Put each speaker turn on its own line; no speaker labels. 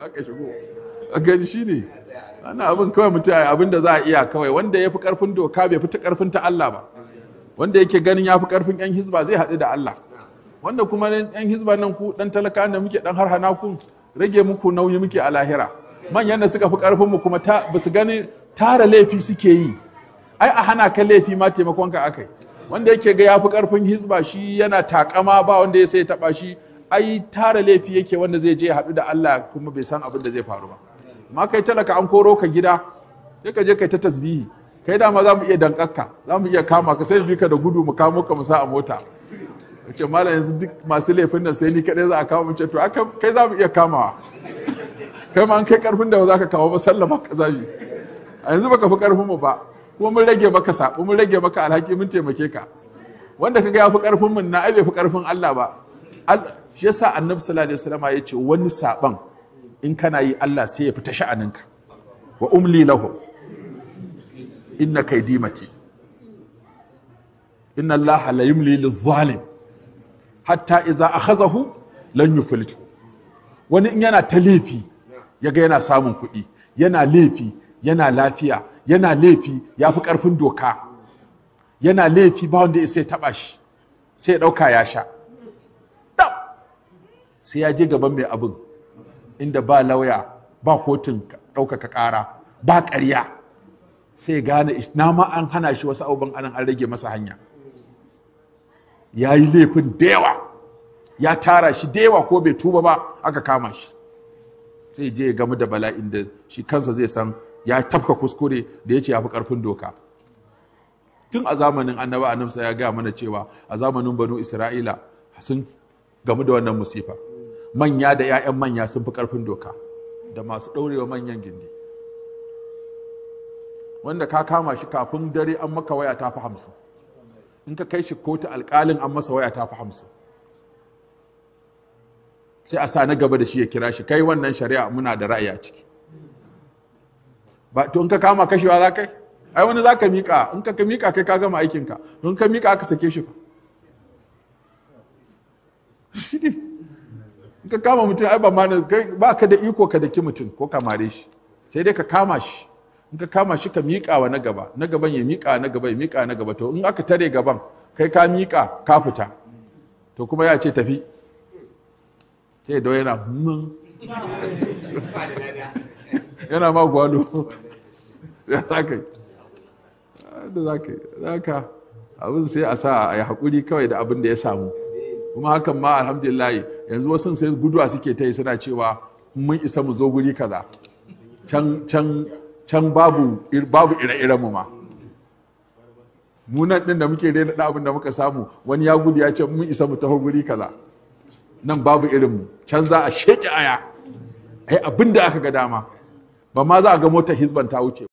aka shigo a gani shi ne ana abin kawai mutum abin da za a iya kawai wanda ya fi karfin doka bai fi ta karfin ta Allah ba wanda yake ganin ya fi karfin yan hizba zai haɗu da Allah wanda kuma yan hizba nan ku dan talaka da muke dan harhana ku rage muku nauyi muke a lahira manyan da suka fi karfin mu kuma ta basu gani tara laifi suke yi ai a hana ka laifi ma taimakon ka akai wanda yake ga ya fi karfin hizba shi yana takama ba wanda ya sai taba shi ai tara laifi yake wanda zai je ya haɗu da Allah kuma bai san abin da zai faru ba amma kai talaka an koro ka gida sai ka je kai ta tasbihi kai dama za mu iya dankakka za mu iya kama ka sai bika da gudu mu kamo ka mu sa a mota Wace mallam yanzu duk masu laifin nan sai ni kaɗai za a kama mu ce to kai za mu iya kamawa kai ma an kai karfin da za ka kawo ba sallama ka zabi a yanzu baka fi karfin mu ba kuma mun rage maka sabo mun rage maka alhaki mun taimake ka wanda kaga ya fi karfin mun na ai bai fi karfin Allah ba shi yasa annabi sallallahu alaihi wasallam ya ce wani saban in kana yi Allah sai ya fita sha'aninka wa umli lahum inna kaidi inna Allah la yumli lidh-dhalim hatta idza akhazahu lan yuflitu wani in yana ta laifi yaga yana samun kuɗi yana laifi yana lafiya yana laifi ya fi ƙarfin doka yana laifi ba wanda ya sai taɓa shi sai ya ɗauka ya sha sai ya je gaban mai abin inda ba lauya ba kotun ɗaukaka ƙara ba ƙarya sai gane na ma an hana shi wasu abubuwan anan an rage masa hanya ya yi laifin da ya tara shi da yawa ko bai tuba ba aka kama shi sai je ya gamu da bala'in da shi kansa zai san ya tafka kuskure da ya ce ya fi ƙarfin doka tun a zamanin annaba annabsa ya gaya mana cewa a zamanin banu isra'ila sun gamu da wannan musifa manya da 'ya'yan manya sun fi ƙarfin doka da masu ɗaurewa manyan gindi wanda ka kama shi kafin dare an maka waya ta fi hamsin in ka kai shi kotu alƙalin an masa waya ta fi hamsin sai a sa na gaba da shi ya kira shi kai wannan shari'a muna da ra'ayi a ciki ba to in ka kama kashewa za kai ai wani za ka miƙa in ka miƙa kai ka gama aikinka in ka miƙa aka sake shi fa ka kama mutum ai ba ma ba ka da iko ka daki mutum ko ka mare shi sai dai ka kama shi in ka kama shi ka miƙa wa na gaba na gaban ya miƙa na gaba ya miƙa na gaba to in aka tare gaban kai ka miƙa ka fita to kuma ya ce tafi sai da yana mun hmm. yana ma gwalo ya za ka yi da za ka yi za ka abin sai a sa a yi haƙuri kawai da abin da ya samu kuma hakan ma alhamdulillah yanzu wasu sai guduwa suke ta yi suna cewa mun isa mu zo guri kaza can can can babu babu ire-iren mu ma munan din da muke daina da abin da muka samu wani ya gudu ya ce mun isa mu taho guri kaza nan babu irin mu can za a sheke aya ai abin da aka ga dama ba ma za a ga motar hizban ta wuce